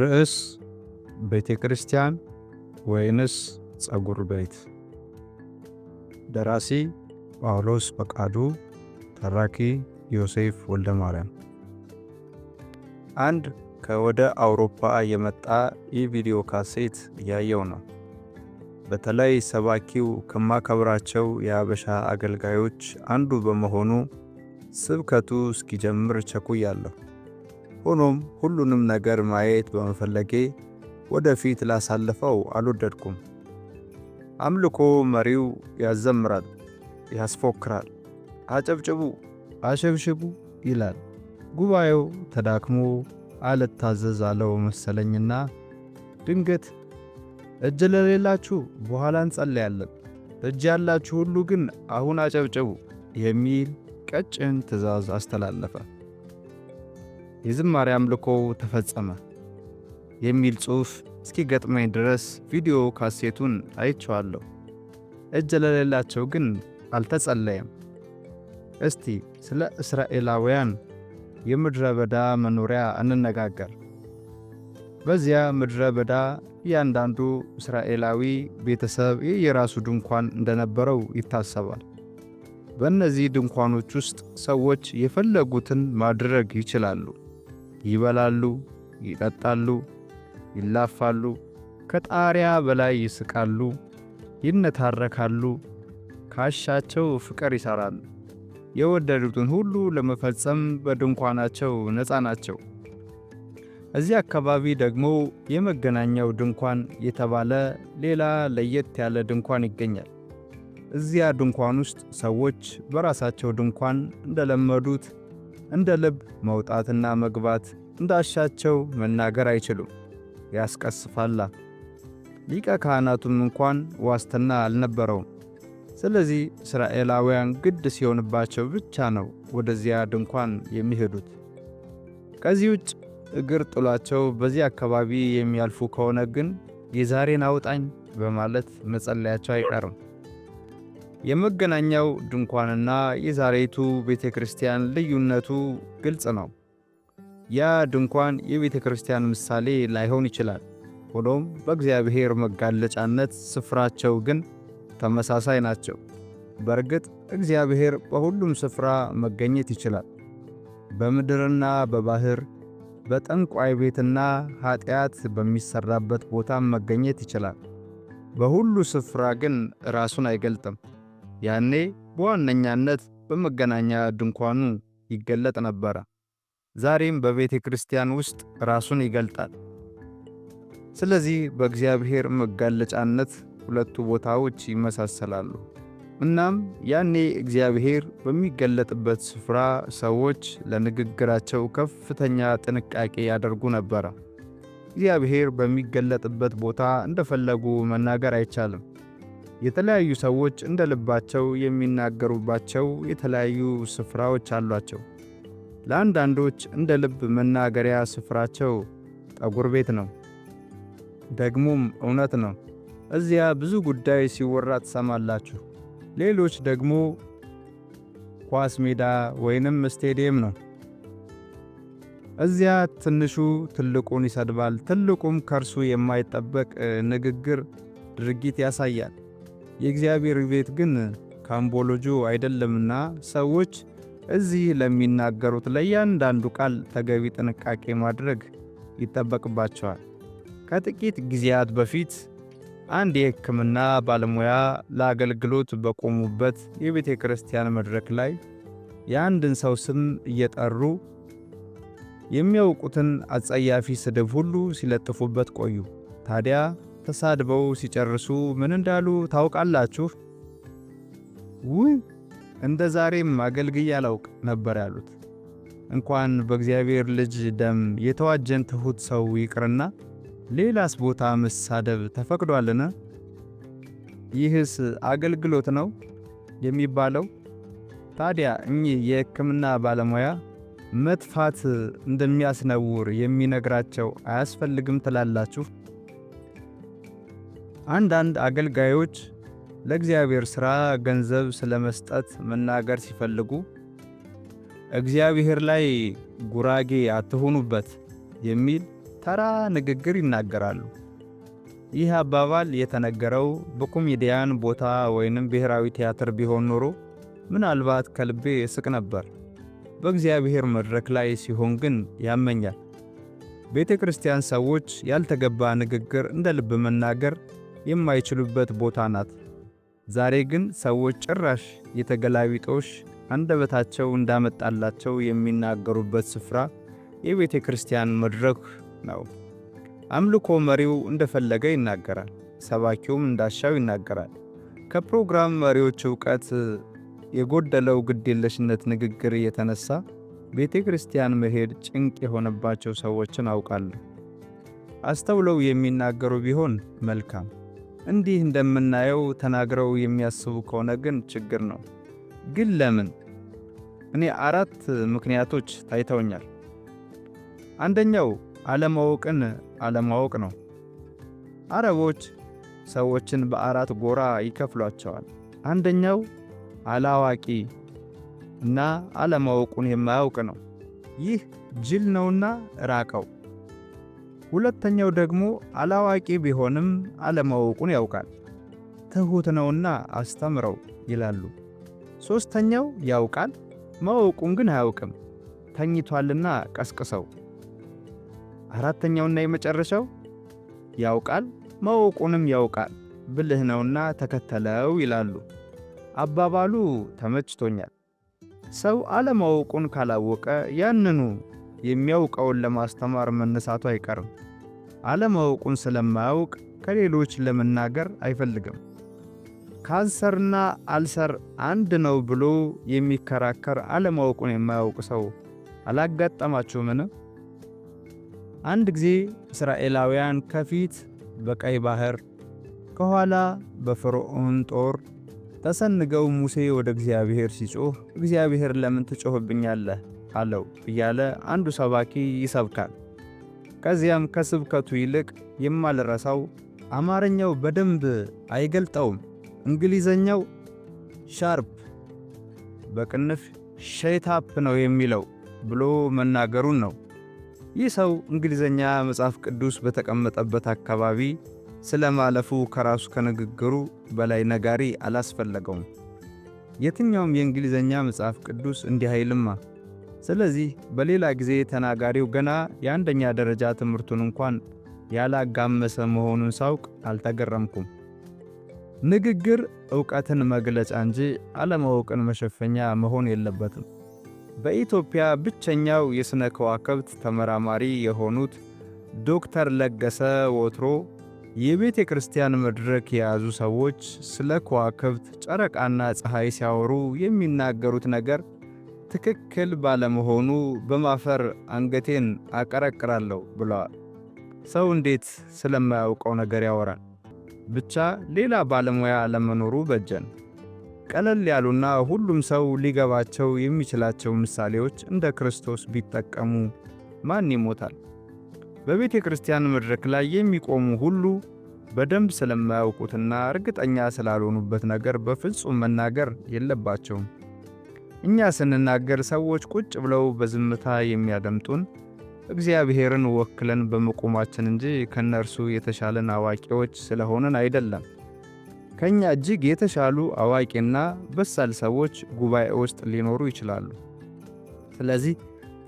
ርዕስ ቤተ ክርስቲያን ወይንስ ፀጉር ቤት? ደራሲ ጳውሎስ ፈቃዱ፣ ተራኪ ዮሴፍ ወልደማርያም። አንድ ከወደ አውሮፓ የመጣ የቪዲዮ ካሴት እያየው ነው። በተለይ ሰባኪው ከማከብራቸው የአበሻ አገልጋዮች አንዱ በመሆኑ ስብከቱ እስኪጀምር ቸኩያለሁ። ሆኖም ሁሉንም ነገር ማየት በመፈለጌ ወደፊት ላሳልፈው አልወደድኩም። አምልኮ መሪው ያዘምራል፣ ያስፎክራል፣ አጨብጭቡ፣ አሸብሽቡ ይላል። ጉባኤው ተዳክሞ አልታዘዝ አለው መሰለኝና ድንገት እጅ ለሌላችሁ በኋላ እንጸለያለን፣ እጅ ያላችሁ ሁሉ ግን አሁን አጨብጭቡ የሚል ቀጭን ትዕዛዝ አስተላለፈ። የዝማሬ አምልኮ ተፈጸመ የሚል ጽሑፍ እስኪገጥመኝ ድረስ ቪዲዮ ካሴቱን አይቸዋለሁ። እጅ ለሌላቸው ግን አልተጸለየም። እስቲ ስለ እስራኤላውያን የምድረ በዳ መኖሪያ እንነጋገር። በዚያ ምድረ በዳ እያንዳንዱ እስራኤላዊ ቤተሰብ የየራሱ ድንኳን እንደነበረው ይታሰባል። በእነዚህ ድንኳኖች ውስጥ ሰዎች የፈለጉትን ማድረግ ይችላሉ። ይበላሉ፣ ይጠጣሉ፣ ይላፋሉ፣ ከጣሪያ በላይ ይስቃሉ፣ ይነታረካሉ፣ ካሻቸው ፍቅር ይሰራሉ። የወደዱትን ሁሉ ለመፈጸም በድንኳናቸው ነፃ ናቸው። እዚህ አካባቢ ደግሞ የመገናኛው ድንኳን የተባለ ሌላ ለየት ያለ ድንኳን ይገኛል። እዚያ ድንኳን ውስጥ ሰዎች በራሳቸው ድንኳን እንደለመዱት እንደ ልብ መውጣትና መግባት እንዳሻቸው መናገር አይችሉም፣ ያስቀስፋላ። ሊቀ ካህናቱም እንኳን ዋስትና አልነበረውም። ስለዚህ እስራኤላውያን ግድ ሲሆንባቸው ብቻ ነው ወደዚያ ድንኳን የሚሄዱት። ከዚህ ውጭ እግር ጥሏቸው በዚህ አካባቢ የሚያልፉ ከሆነ ግን የዛሬን አውጣኝ በማለት መጸለያቸው አይቀርም። የመገናኛው ድንኳንና የዛሬቱ ቤተ ክርስቲያን ልዩነቱ ግልጽ ነው። ያ ድንኳን የቤተ ክርስቲያን ምሳሌ ላይሆን ይችላል። ሆኖም በእግዚአብሔር መጋለጫነት ስፍራቸው ግን ተመሳሳይ ናቸው። በእርግጥ እግዚአብሔር በሁሉም ስፍራ መገኘት ይችላል። በምድርና በባህር፣ በጠንቋይ ቤትና ኀጢአት በሚሠራበት ቦታም መገኘት ይችላል። በሁሉ ስፍራ ግን ራሱን አይገልጥም። ያኔ በዋነኛነት በመገናኛ ድንኳኑ ይገለጥ ነበረ። ዛሬም በቤተ ክርስቲያን ውስጥ ራሱን ይገልጣል። ስለዚህ በእግዚአብሔር መጋለጫነት ሁለቱ ቦታዎች ይመሳሰላሉ። እናም ያኔ እግዚአብሔር በሚገለጥበት ስፍራ ሰዎች ለንግግራቸው ከፍተኛ ጥንቃቄ ያደርጉ ነበረ። እግዚአብሔር በሚገለጥበት ቦታ እንደፈለጉ መናገር አይቻልም። የተለያዩ ሰዎች እንደ ልባቸው የሚናገሩባቸው የተለያዩ ስፍራዎች አሏቸው። ለአንዳንዶች እንደ ልብ መናገሪያ ስፍራቸው ጠጉር ቤት ነው። ደግሞም እውነት ነው። እዚያ ብዙ ጉዳይ ሲወራ ትሰማላችሁ። ሌሎች ደግሞ ኳስ ሜዳ ወይንም ስቴዲየም ነው። እዚያ ትንሹ ትልቁን ይሰድባል፣ ትልቁም ከእርሱ የማይጠበቅ ንግግር፣ ድርጊት ያሳያል። የእግዚአብሔር ቤት ግን ካምቦሎጆ አይደለምና ሰዎች እዚህ ለሚናገሩት ለእያንዳንዱ ቃል ተገቢ ጥንቃቄ ማድረግ ይጠበቅባቸዋል። ከጥቂት ጊዜያት በፊት አንድ የሕክምና ባለሙያ ለአገልግሎት በቆሙበት የቤተ ክርስቲያን መድረክ ላይ የአንድን ሰው ስም እየጠሩ የሚያውቁትን አጸያፊ ስድብ ሁሉ ሲለጥፉበት ቆዩ። ታዲያ ተሳድበው ሲጨርሱ ምን እንዳሉ ታውቃላችሁ? ውይ እንደ ዛሬም አገልግዬ አላውቅ ነበር ያሉት። እንኳን በእግዚአብሔር ልጅ ደም የተዋጀን ትሑት ሰው ይቅርና ሌላስ ቦታ መሳደብ ተፈቅዷልን? ይህስ አገልግሎት ነው የሚባለው? ታዲያ እኚህ የሕክምና ባለሙያ መጥፋት እንደሚያስነውር የሚነግራቸው አያስፈልግም ትላላችሁ? አንዳንድ አገልጋዮች ለእግዚአብሔር ሥራ ገንዘብ ስለ መስጠት መናገር ሲፈልጉ እግዚአብሔር ላይ ጉራጌ አትሆኑበት የሚል ተራ ንግግር ይናገራሉ። ይህ አባባል የተነገረው በኮሜዲያን ቦታ ወይንም ብሔራዊ ቲያትር ቢሆን ኖሮ ምናልባት ከልቤ እስቅ ነበር። በእግዚአብሔር መድረክ ላይ ሲሆን ግን ያመኛል። ቤተ ክርስቲያን ሰዎች ያልተገባ ንግግር እንደ ልብ መናገር የማይችሉበት ቦታ ናት። ዛሬ ግን ሰዎች ጭራሽ የተገላቢጦሽ አንደበታቸው እንዳመጣላቸው የሚናገሩበት ስፍራ የቤተ ክርስቲያን መድረክ ነው። አምልኮ መሪው እንደፈለገ ይናገራል፣ ሰባኪውም እንዳሻው ይናገራል። ከፕሮግራም መሪዎች እውቀት የጎደለው ግዴለሽነት ንግግር የተነሳ ቤተ ክርስቲያን መሄድ ጭንቅ የሆነባቸው ሰዎችን አውቃለሁ። አስተውለው የሚናገሩ ቢሆን መልካም። እንዲህ እንደምናየው ተናግረው የሚያስቡ ከሆነ ግን ችግር ነው። ግን ለምን? እኔ አራት ምክንያቶች ታይተውኛል። አንደኛው አለማወቅን አለማወቅ ነው። አረቦች ሰዎችን በአራት ጎራ ይከፍሏቸዋል። አንደኛው አላዋቂ እና አለማወቁን የማያውቅ ነው። ይህ ጅል ነውና ራቀው። ሁለተኛው ደግሞ አላዋቂ ቢሆንም አለማወቁን ያውቃል። ትሑት ነውና አስተምረው ይላሉ። ሦስተኛው ያውቃል፣ ማወቁን ግን አያውቅም። ተኝቷልና ቀስቅሰው። አራተኛውና የመጨረሻው ያውቃል፣ ማወቁንም ያውቃል፣ ብልህ ነውና ተከተለው ይላሉ። አባባሉ ተመችቶኛል። ሰው አለማወቁን ካላወቀ ያንኑ የሚያውቀውን ለማስተማር መነሳቱ አይቀርም። አለማወቁን ስለማያውቅ ከሌሎች ለመናገር አይፈልግም። ካንሰርና አልሰር አንድ ነው ብሎ የሚከራከር አለማወቁን የማያውቅ ሰው አላጋጠማችሁምን? አንድ ጊዜ እስራኤላውያን ከፊት በቀይ ባህር ከኋላ በፈርዖን ጦር ተሰንገው ሙሴ ወደ እግዚአብሔር ሲጮህ፣ እግዚአብሔር ለምን ትጮህብኛለህ አለው እያለ አንዱ ሰባኪ ይሰብካል። ከዚያም ከስብከቱ ይልቅ የማልረሳው አማርኛው በደንብ አይገልጠውም፣ እንግሊዘኛው ሻርፕ በቅንፍ ሸይታፕ ነው የሚለው ብሎ መናገሩን ነው። ይህ ሰው እንግሊዘኛ መጽሐፍ ቅዱስ በተቀመጠበት አካባቢ ስለማለፉ ከራሱ ከንግግሩ በላይ ነጋሪ አላስፈለገውም። የትኛውም የእንግሊዘኛ መጽሐፍ ቅዱስ እንዲህ አይልማ። ስለዚህ በሌላ ጊዜ ተናጋሪው ገና የአንደኛ ደረጃ ትምህርቱን እንኳን ያላጋመሰ መሆኑን ሳውቅ አልተገረምኩም። ንግግር ዕውቀትን መግለጫ እንጂ አለማወቅን መሸፈኛ መሆን የለበትም። በኢትዮጵያ ብቸኛው የሥነ ከዋክብት ተመራማሪ የሆኑት ዶክተር ለገሰ ወትሮ የቤተ ክርስቲያን መድረክ የያዙ ሰዎች ስለ ከዋክብት ጨረቃና ፀሐይ ሲያወሩ የሚናገሩት ነገር ትክክል ባለመሆኑ በማፈር አንገቴን አቀረቅራለሁ ብለዋል። ሰው እንዴት ስለማያውቀው ነገር ያወራል? ብቻ ሌላ ባለሙያ ለመኖሩ በጀን። ቀለል ያሉና ሁሉም ሰው ሊገባቸው የሚችላቸው ምሳሌዎች እንደ ክርስቶስ ቢጠቀሙ ማን ይሞታል? በቤተ ክርስቲያን መድረክ ላይ የሚቆሙ ሁሉ በደንብ ስለማያውቁትና እርግጠኛ ስላልሆኑበት ነገር በፍጹም መናገር የለባቸውም። እኛ ስንናገር ሰዎች ቁጭ ብለው በዝምታ የሚያደምጡን እግዚአብሔርን ወክለን በመቆማችን እንጂ ከእነርሱ የተሻለን አዋቂዎች ስለሆንን አይደለም። ከኛ እጅግ የተሻሉ አዋቂና በሳል ሰዎች ጉባኤ ውስጥ ሊኖሩ ይችላሉ። ስለዚህ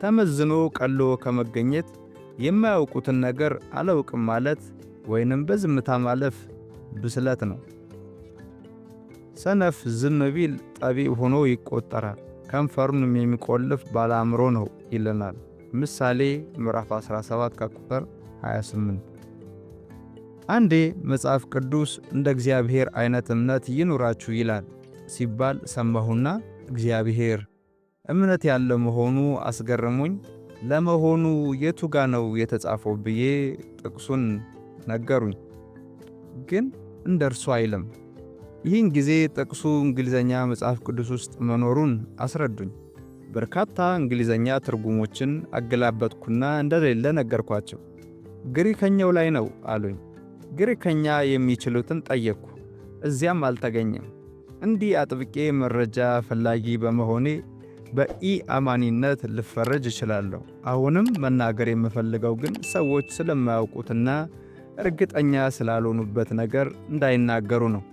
ተመዝኖ ቀሎ ከመገኘት የማያውቁትን ነገር አላውቅም ማለት ወይንም በዝምታ ማለፍ ብስለት ነው። ሰነፍ ዝም ቢል ጠቢብ ሆኖ ይቆጠራል፣ ከንፈሩንም የሚቆልፍ ባለአእምሮ ነው ይለናል ምሳሌ ምዕራፍ 17 ከቁጥር 28። አንዴ መጽሐፍ ቅዱስ እንደ እግዚአብሔር አይነት እምነት ይኑራችሁ ይላል ሲባል ሰማሁና እግዚአብሔር እምነት ያለ መሆኑ አስገርሙኝ ለመሆኑ የቱ ጋ ነው የተጻፈው ብዬ ጥቅሱን ነገሩኝ። ግን እንደ እርሱ አይልም ይህን ጊዜ ጥቅሱ እንግሊዘኛ መጽሐፍ ቅዱስ ውስጥ መኖሩን አስረዱኝ። በርካታ እንግሊዘኛ ትርጉሞችን አገላበጥኩና እንደሌለ ነገርኳቸው። ግሪከኛው ላይ ነው አሉኝ። ግሪከኛ የሚችሉትን ጠየቅኩ። እዚያም አልተገኘም። እንዲህ አጥብቄ መረጃ ፈላጊ በመሆኔ በኢ አማኒነት ልፈረጅ እችላለሁ። አሁንም መናገር የምፈልገው ግን ሰዎች ስለማያውቁትና እርግጠኛ ስላልሆኑበት ነገር እንዳይናገሩ ነው።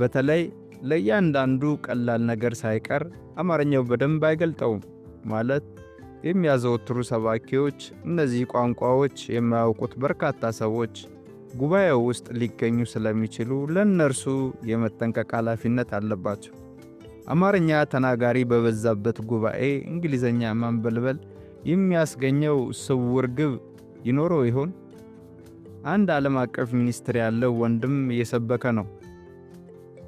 በተለይ ለእያንዳንዱ ቀላል ነገር ሳይቀር አማርኛው በደንብ አይገልጠውም። ማለት የሚያዘወትሩ ሰባኪዎች እነዚህ ቋንቋዎች የማያውቁት በርካታ ሰዎች ጉባኤው ውስጥ ሊገኙ ስለሚችሉ ለእነርሱ የመጠንቀቅ ኃላፊነት አለባቸው። አማርኛ ተናጋሪ በበዛበት ጉባኤ እንግሊዘኛ ማንበልበል የሚያስገኘው ስውር ግብ ይኖረው ይሆን? አንድ ዓለም አቀፍ ሚኒስትር ያለው ወንድም እየሰበከ ነው።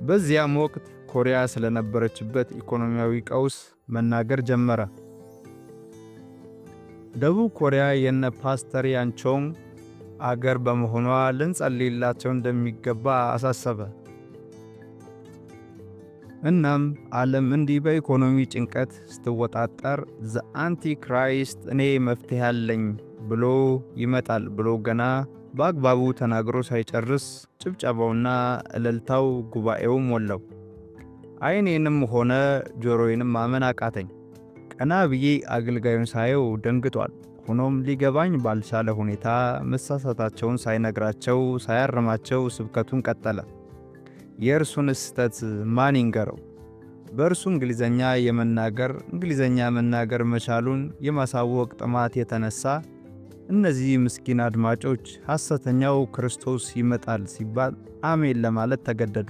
በዚያም ወቅት ኮሪያ ስለነበረችበት ኢኮኖሚያዊ ቀውስ መናገር ጀመረ። ደቡብ ኮሪያ የነ ፓስተር ያንቾም አገር በመሆኗ ልንጸልይላቸው እንደሚገባ አሳሰበ። እናም ዓለም እንዲህ በኢኮኖሚ ጭንቀት ስትወጣጠር ዘ አንቲ ክራይስት እኔ መፍትሄ አለኝ ብሎ ይመጣል ብሎ ገና በአግባቡ ተናግሮ ሳይጨርስ ጭብጨባውና እልልታው ጉባኤው ሞላው። ዓይኔንም ሆነ ጆሮዬንም ማመን አቃተኝ። ቀና ብዬ አገልጋዩን ሳየው ደንግጧል። ሆኖም ሊገባኝ ባልቻለ ሁኔታ መሳሳታቸውን ሳይነግራቸው ሳያርማቸው ስብከቱን ቀጠለ። የእርሱን ስህተት ማን ይንገረው? በእርሱ እንግሊዘኛ የመናገር እንግሊዘኛ መናገር መቻሉን የማሳወቅ ጥማት የተነሳ እነዚህ ምስኪን አድማጮች ሐሰተኛው ክርስቶስ ይመጣል ሲባል አሜን ለማለት ተገደዱ።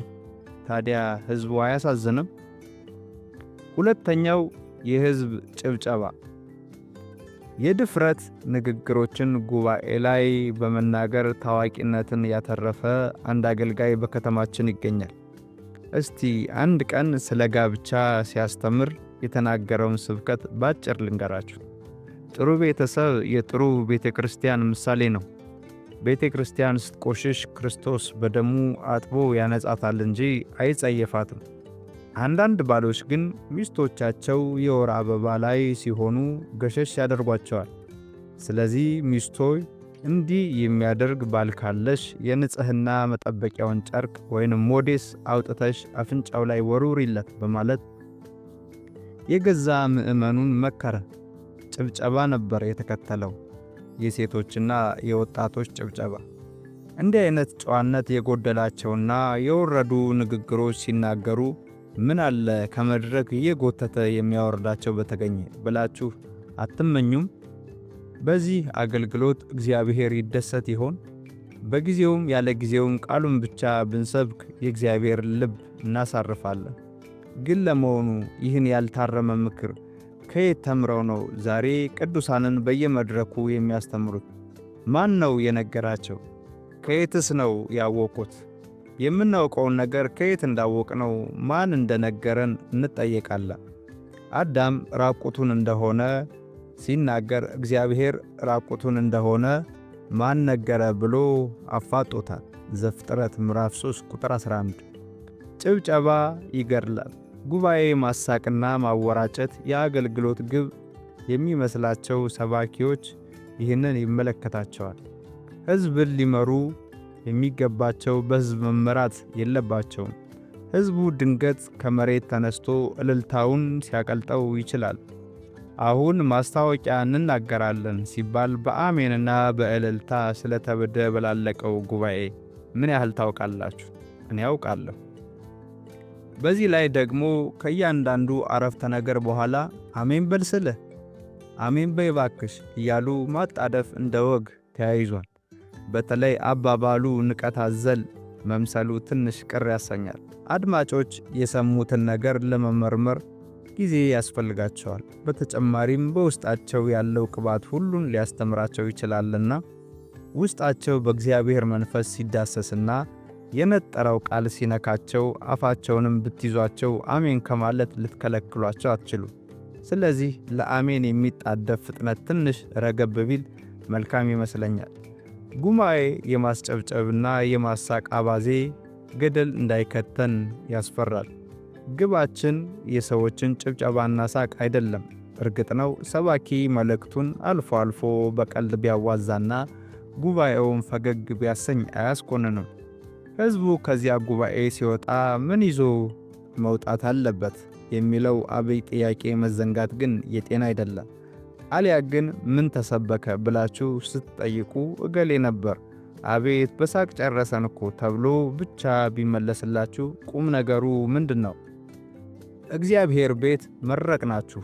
ታዲያ ሕዝቡ አያሳዝንም? ሁለተኛው የሕዝብ ጭብጨባ የድፍረት ንግግሮችን ጉባኤ ላይ በመናገር ታዋቂነትን ያተረፈ አንድ አገልጋይ በከተማችን ይገኛል። እስቲ አንድ ቀን ስለ ጋብቻ ሲያስተምር የተናገረውን ስብከት ባጭር ልንገራችሁ። ጥሩ ቤተሰብ የጥሩ ቤተ ክርስቲያን ምሳሌ ነው። ቤተ ክርስቲያን ስትቆሽሽ ክርስቶስ በደሙ አጥቦ ያነጻታል እንጂ አይጸየፋትም። አንዳንድ ባሎች ግን ሚስቶቻቸው የወር አበባ ላይ ሲሆኑ ገሸሽ ያደርጓቸዋል። ስለዚህ ሚስቶይ እንዲህ የሚያደርግ ባል ካለሽ የንጽሕና መጠበቂያውን ጨርቅ ወይንም ሞዴስ አውጥተሽ አፍንጫው ላይ ወሩሪለት በማለት የገዛ ምዕመኑን መከረ። ጭብጨባ ነበር የተከተለው። የሴቶችና የወጣቶች ጭብጨባ። እንዲህ አይነት ጨዋነት የጎደላቸውና የወረዱ ንግግሮች ሲናገሩ ምን አለ ከመድረክ እየጎተተ የሚያወርዳቸው በተገኘ ብላችሁ አትመኙም? በዚህ አገልግሎት እግዚአብሔር ይደሰት ይሆን? በጊዜውም ያለ ጊዜውም ቃሉን ብቻ ብንሰብክ የእግዚአብሔር ልብ እናሳርፋለን። ግን ለመሆኑ ይህን ያልታረመ ምክር ከየት ተምረው ነው ዛሬ ቅዱሳንን በየመድረኩ የሚያስተምሩት? ማን ነው የነገራቸው? ከየትስ ነው ያወቁት? የምናውቀውን ነገር ከየት እንዳወቅነው ማን እንደነገረን እንጠየቃለን። አዳም ራቁቱን እንደሆነ ሲናገር እግዚአብሔር ራቁቱን እንደሆነ ማን ነገረ ብሎ አፋጦታል። ዘፍጥረት ምዕራፍ 3 ቁጥር 11። ጭብጨባ ይገድላል። ጉባኤ ማሳቅና ማወራጨት የአገልግሎት ግብ የሚመስላቸው ሰባኪዎች ይህንን ይመለከታቸዋል። ሕዝብን ሊመሩ የሚገባቸው በሕዝብ መመራት የለባቸውም። ሕዝቡ ድንገት ከመሬት ተነስቶ እልልታውን ሲያቀልጠው ይችላል። አሁን ማስታወቂያ እንናገራለን ሲባል በአሜንና በእልልታ በላለቀው ጉባኤ ምን ያህል ታውቃላችሁ? እኔ አውቃለሁ። በዚህ ላይ ደግሞ ከእያንዳንዱ አረፍተ ነገር በኋላ አሜን በል ስልህ፣ አሜን በይ እያሉ ማጣደፍ እንደ ወግ ተያይዟል። በተለይ አባባሉ ንቀት አዘል መምሰሉ ትንሽ ቅር ያሰኛል። አድማጮች የሰሙትን ነገር ለመመርመር ጊዜ ያስፈልጋቸዋል። በተጨማሪም በውስጣቸው ያለው ቅባት ሁሉን ሊያስተምራቸው ይችላልና ውስጣቸው በእግዚአብሔር መንፈስ ሲዳሰስና የመጠራው ቃል ሲነካቸው አፋቸውንም ብትይዟቸው አሜን ከማለት ልትከለክሏቸው አትችሉ። ስለዚህ ለአሜን የሚጣደፍ ፍጥነት ትንሽ ረገብ ቢል መልካም ይመስለኛል። ጉማኤ የማስጨብጨብና የማሳቅ አባዜ ገደል እንዳይከተን ያስፈራል። ግባችን የሰዎችን ጭብጨባና ሳቅ አይደለም። እርግጥ ነው ሰባኪ መልእክቱን አልፎ አልፎ በቀልድ ቢያዋዛና ጉባኤውን ፈገግ ቢያሰኝ አያስኮንንም። ህዝቡ ከዚያ ጉባኤ ሲወጣ ምን ይዞ መውጣት አለበት የሚለው አብይ ጥያቄ መዘንጋት ግን የጤና አይደለም። አሊያ ግን ምን ተሰበከ ብላችሁ ስትጠይቁ እገሌ ነበር፣ አቤት በሳቅ ጨረሰን እኮ ተብሎ ብቻ ቢመለስላችሁ ቁም ነገሩ ምንድን ነው? እግዚአብሔር ቤት መረቅናችሁ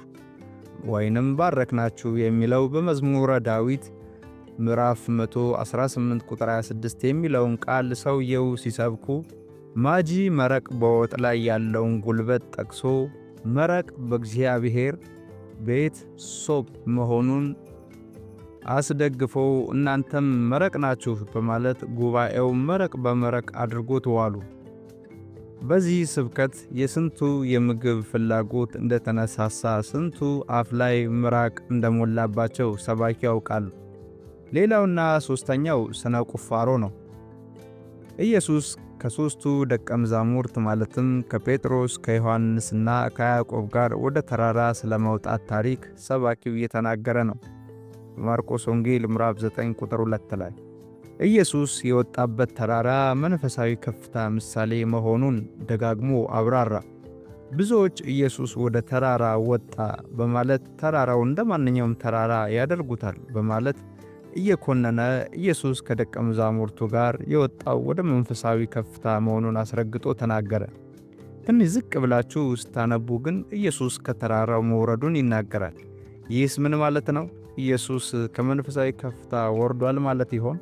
ወይንም ባረክናችሁ የሚለው በመዝሙረ ዳዊት ምዕራፍ 118 ቁጥር 26 የሚለውን ቃል ሰውየው ሲሰብኩ ማጂ መረቅ በወጥ ላይ ያለውን ጉልበት ጠቅሶ መረቅ በእግዚአብሔር ቤት ሶብ መሆኑን አስደግፎ እናንተም መረቅ ናችሁ በማለት ጉባኤው መረቅ በመረቅ አድርጎት ዋሉ። በዚህ ስብከት የስንቱ የምግብ ፍላጎት እንደተነሳሳ፣ ስንቱ አፍ ላይ ምራቅ እንደሞላባቸው ሰባኪ ያውቃሉ። ሌላውና ሦስተኛው ስነ ቁፋሮ ነው። ኢየሱስ ከሦስቱ ደቀ መዛሙርት ማለትም ከጴጥሮስ ከዮሐንስና ከያዕቆብ ጋር ወደ ተራራ ስለ መውጣት ታሪክ ሰባኪው እየተናገረ ነው። ማርቆስ ወንጌል ምዕራፍ 9 ቁጥር 2 ላይ ኢየሱስ የወጣበት ተራራ መንፈሳዊ ከፍታ ምሳሌ መሆኑን ደጋግሞ አብራራ። ብዙዎች ኢየሱስ ወደ ተራራ ወጣ በማለት ተራራው እንደ ማንኛውም ተራራ ያደርጉታል በማለት እየኮነነ ኢየሱስ ከደቀ መዛሙርቱ ጋር የወጣው ወደ መንፈሳዊ ከፍታ መሆኑን አስረግጦ ተናገረ። ትንሽ ዝቅ ብላችሁ ስታነቡ ግን ኢየሱስ ከተራራው መውረዱን ይናገራል። ይህስ ምን ማለት ነው? ኢየሱስ ከመንፈሳዊ ከፍታ ወርዷል ማለት ይሆን?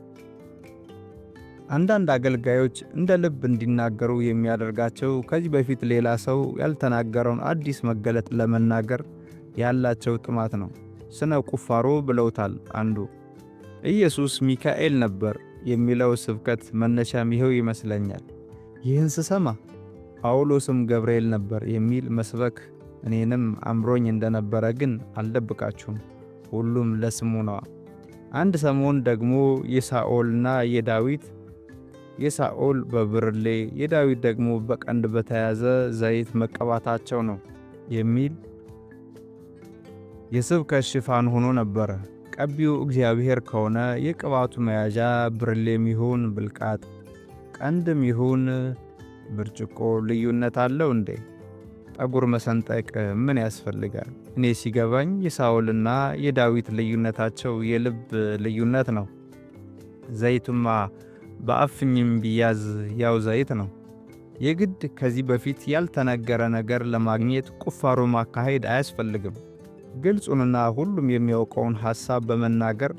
አንዳንድ አገልጋዮች እንደ ልብ እንዲናገሩ የሚያደርጋቸው ከዚህ በፊት ሌላ ሰው ያልተናገረውን አዲስ መገለጥ ለመናገር ያላቸው ጥማት ነው። ስነ ቁፋሮ ብለውታል አንዱ ኢየሱስ ሚካኤል ነበር የሚለው ስብከት መነሻም ይኸው ይመስለኛል። ይህን ስሰማ ጳውሎስም ገብርኤል ነበር የሚል መስበክ እኔንም አምሮኝ እንደነበረ ግን አልደብቃችሁም፣ ሁሉም ለስሙ ነዋ። አንድ ሰሞን ደግሞ የሳኦልና የዳዊት የሳኦል በብርሌ የዳዊት ደግሞ በቀንድ በተያዘ ዘይት መቀባታቸው ነው የሚል የስብከት ሽፋን ሆኖ ነበረ። ቀቢው እግዚአብሔር ከሆነ የቅባቱ መያዣ ብርሌም ይሁን ብልቃጥ፣ ቀንድም ይሁን ብርጭቆ ልዩነት አለው እንዴ? ጠጉር መሰንጠቅ ምን ያስፈልጋል? እኔ ሲገባኝ የሳውልና የዳዊት ልዩነታቸው የልብ ልዩነት ነው። ዘይቱማ በአፍኝም ቢያዝ ያው ዘይት ነው። የግድ ከዚህ በፊት ያልተነገረ ነገር ለማግኘት ቁፋሮ ማካሄድ አያስፈልግም። ግልጹንና ሁሉም የሚያውቀውን ሐሳብ በመናገር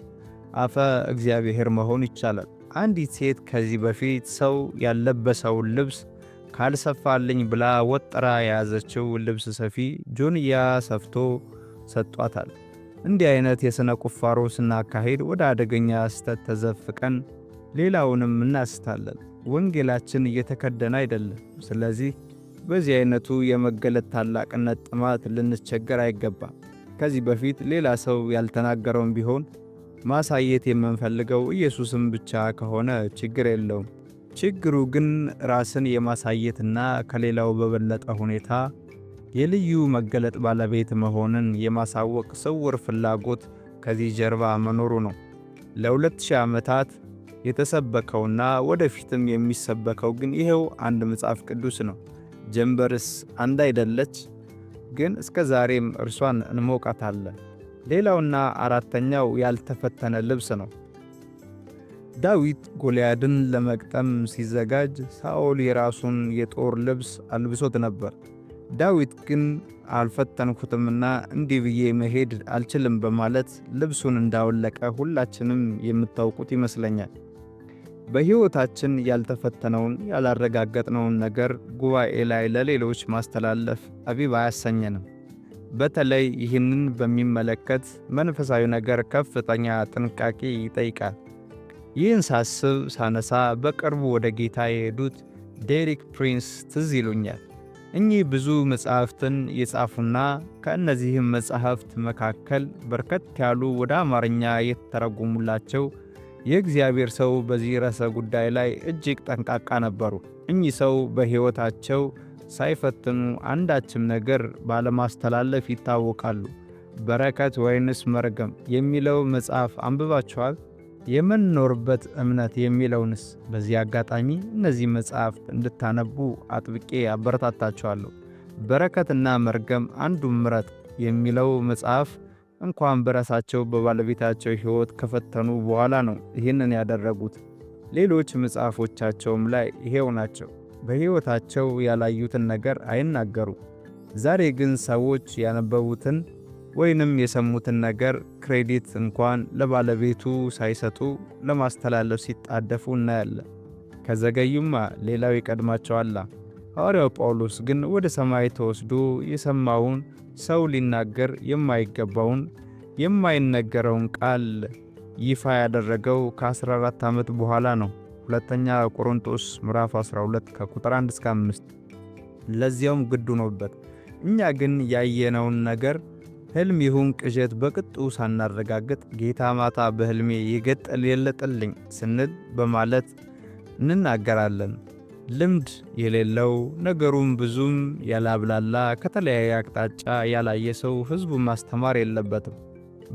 አፈ እግዚአብሔር መሆን ይቻላል። አንዲት ሴት ከዚህ በፊት ሰው ያለበሰውን ልብስ ካልሰፋልኝ ብላ ወጥራ የያዘችው ልብስ ሰፊ ጆንያ ሰፍቶ ሰጧታል። እንዲህ አይነት የሥነ ቁፋሮ ስናካሄድ ወደ አደገኛ ስተት ተዘፍቀን ሌላውንም እናስታለን። ወንጌላችን እየተከደነ አይደለም። ስለዚህ በዚህ አይነቱ የመገለጥ ታላቅነት ጥማት ልንቸገር አይገባም። ከዚህ በፊት ሌላ ሰው ያልተናገረውም ቢሆን ማሳየት የምንፈልገው ኢየሱስም ብቻ ከሆነ ችግር የለውም። ችግሩ ግን ራስን የማሳየትና ከሌላው በበለጠ ሁኔታ የልዩ መገለጥ ባለቤት መሆንን የማሳወቅ ስውር ፍላጎት ከዚህ ጀርባ መኖሩ ነው። ለሁለት ሺህ ዓመታት የተሰበከውና ወደፊትም የሚሰበከው ግን ይኸው አንድ መጽሐፍ ቅዱስ ነው። ጀንበርስ አንድ አይደለች? ግን እስከ ዛሬም እርሷን እንሞቃታለን። ሌላውና አራተኛው ያልተፈተነ ልብስ ነው። ዳዊት ጎልያድን ለመቅጠም ሲዘጋጅ ሳኦል የራሱን የጦር ልብስ አልብሶት ነበር። ዳዊት ግን አልፈተንኩትምና እንዲህ ብዬ መሄድ አልችልም በማለት ልብሱን እንዳወለቀ ሁላችንም የምታውቁት ይመስለኛል። በሕይወታችን ያልተፈተነውን ያላረጋገጥነውን ነገር ጉባኤ ላይ ለሌሎች ማስተላለፍ አቢብ አያሰኘንም። በተለይ ይህንን በሚመለከት መንፈሳዊ ነገር ከፍተኛ ጥንቃቄ ይጠይቃል። ይህን ሳስብ ሳነሳ በቅርቡ ወደ ጌታ የሄዱት ዴሪክ ፕሪንስ ትዝ ይሉኛል። እኚህ ብዙ መጻሕፍትን የጻፉና ከእነዚህም መጻሕፍት መካከል በርከት ያሉ ወደ አማርኛ የተተረጉሙላቸው የእግዚአብሔር ሰው በዚህ ርዕሰ ጉዳይ ላይ እጅግ ጠንቃቃ ነበሩ። እኚህ ሰው በሕይወታቸው ሳይፈትኑ አንዳችም ነገር ባለማስተላለፍ ይታወቃሉ። በረከት ወይንስ መርገም የሚለው መጽሐፍ አንብባችኋል? የምንኖርበት እምነት የሚለውንስ? በዚህ አጋጣሚ እነዚህ መጽሐፍ እንድታነቡ አጥብቄ አበረታታችኋለሁ። በረከትና መርገም አንዱን ምረጥ የሚለው መጽሐፍ እንኳን በራሳቸው በባለቤታቸው ሕይወት ከፈተኑ በኋላ ነው ይህንን ያደረጉት። ሌሎች መጽሐፎቻቸውም ላይ ይሄው ናቸው። በሕይወታቸው ያላዩትን ነገር አይናገሩ። ዛሬ ግን ሰዎች ያነበቡትን ወይንም የሰሙትን ነገር ክሬዲት እንኳን ለባለቤቱ ሳይሰጡ ለማስተላለፍ ሲጣደፉ እናያለን። ከዘገዩማ ሌላው ይቀድማቸዋላ። ሐዋርያው ጳውሎስ ግን ወደ ሰማይ ተወስዶ የሰማውን ሰው ሊናገር የማይገባውን የማይነገረውን ቃል ይፋ ያደረገው ከ14 ዓመት በኋላ ነው። ሁለተኛ ቆሮንቶስ ምዕራፍ 12 ከቁጥር 1 እስከ 5። ለዚያውም ግድ ሆኖበት እኛ ግን ያየነውን ነገር ሕልም ይሁን ቅዠት በቅጡ ሳናረጋግጥ ጌታ ማታ በሕልሜ የገጠል የለጠልኝ ስንል በማለት እንናገራለን። ልምድ የሌለው ነገሩም ብዙም ያላብላላ ከተለያየ አቅጣጫ ያላየ ሰው ሕዝቡን ማስተማር የለበትም።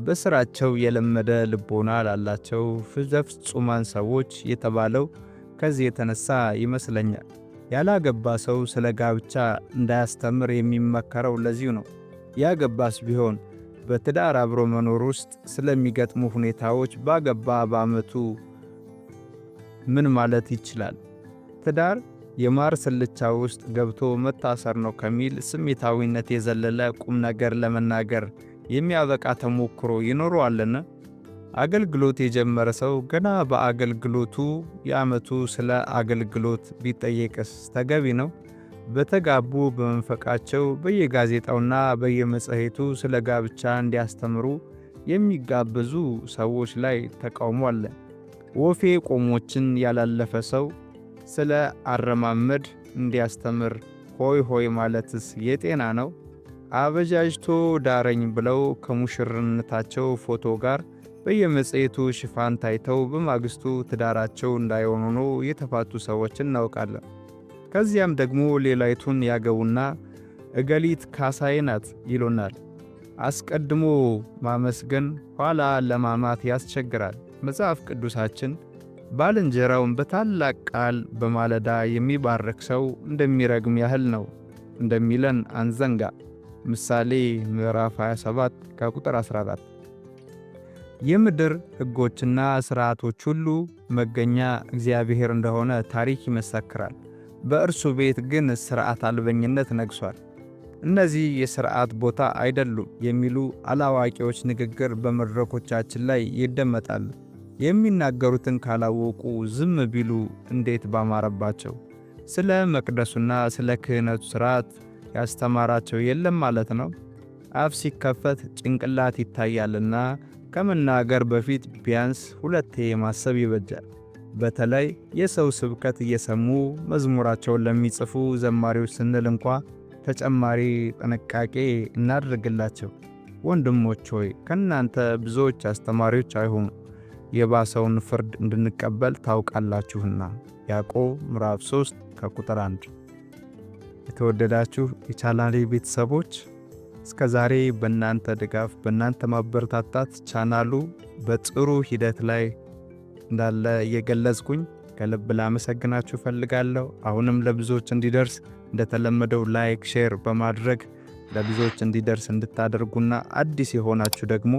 በስራቸው የለመደ ልቦና ላላቸው ፍዘፍጹማን ሰዎች የተባለው ከዚህ የተነሳ ይመስለኛል። ያላገባ ሰው ስለ ጋብቻ እንዳያስተምር የሚመከረው ለዚሁ ነው። ያገባስ ቢሆን በትዳር አብሮ መኖር ውስጥ ስለሚገጥሙ ሁኔታዎች ባገባ በዓመቱ ምን ማለት ይችላል? ትዳር የማር ስልቻ ውስጥ ገብቶ መታሰር ነው ከሚል ስሜታዊነት የዘለለ ቁም ነገር ለመናገር የሚያበቃ ተሞክሮ ይኖረዋልን? አገልግሎት የጀመረ ሰው ገና በአገልግሎቱ የዓመቱ ስለ አገልግሎት ቢጠየቅስ ተገቢ ነው? በተጋቡ በመንፈቃቸው በየጋዜጣውና በየመጽሔቱ ስለ ጋብቻ እንዲያስተምሩ የሚጋብዙ ሰዎች ላይ ተቃውሞ አለ። ወፌ ቆሞችን ያላለፈ ሰው ስለ አረማመድ እንዲያስተምር ሆይ ሆይ ማለትስ የጤና ነው? አበጃጅቶ ዳረኝ ብለው ከሙሽርነታቸው ፎቶ ጋር በየመጽሔቱ ሽፋን ታይተው በማግስቱ ትዳራቸው እንዳይሆኑ የተፋቱ ሰዎች እናውቃለን። ከዚያም ደግሞ ሌላይቱን ያገቡና እገሊት ካሳዬ ናት ይሉናል። አስቀድሞ ማመስገን ኋላ ለማማት ያስቸግራል። መጽሐፍ ቅዱሳችን ባልንጀራውን በታላቅ ቃል በማለዳ የሚባርክ ሰው እንደሚረግም ያህል ነው እንደሚለን አንዘንጋ። ምሳሌ ምዕራፍ 27 ከቁጥር 14። የምድር ሕጎችና ሥርዓቶች ሁሉ መገኛ እግዚአብሔር እንደሆነ ታሪክ ይመሰክራል። በእርሱ ቤት ግን ሥርዓት አልበኝነት ነግሷል። እነዚህ የሥርዓት ቦታ አይደሉም የሚሉ አላዋቂዎች ንግግር በመድረኮቻችን ላይ ይደመጣሉ። የሚናገሩትን ካላወቁ ዝም ቢሉ እንዴት ባማረባቸው! ስለ መቅደሱና ስለ ክህነቱ ሥርዓት ያስተማራቸው የለም ማለት ነው። አፍ ሲከፈት ጭንቅላት ይታያልና ከመናገር በፊት ቢያንስ ሁለቴ ማሰብ ይበጃል። በተለይ የሰው ስብከት እየሰሙ መዝሙራቸውን ለሚጽፉ ዘማሪዎች ስንል እንኳ ተጨማሪ ጥንቃቄ እናድርግላቸው። ወንድሞች ሆይ ከእናንተ ብዙዎች አስተማሪዎች አይሆኑ የባሰውን ፍርድ እንድንቀበል ታውቃላችሁና። ያዕቆብ ምዕራፍ 3 ከቁጥር 1። የተወደዳችሁ የቻናሌ ቤተሰቦች እስከ ዛሬ በእናንተ ድጋፍ፣ በእናንተ ማበረታታት ቻናሉ በጥሩ ሂደት ላይ እንዳለ እየገለጽኩኝ ከልብ ላመሰግናችሁ እፈልጋለሁ። አሁንም ለብዙዎች እንዲደርስ እንደተለመደው ላይክ፣ ሼር በማድረግ ለብዙዎች እንዲደርስ እንድታደርጉና አዲስ የሆናችሁ ደግሞ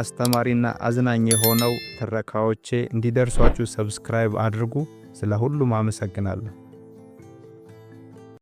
አስተማሪና አዝናኝ የሆነው ትረካዎቼ እንዲደርሷችሁ ሰብስክራይብ አድርጉ። ስለ ሁሉም አመሰግናለሁ።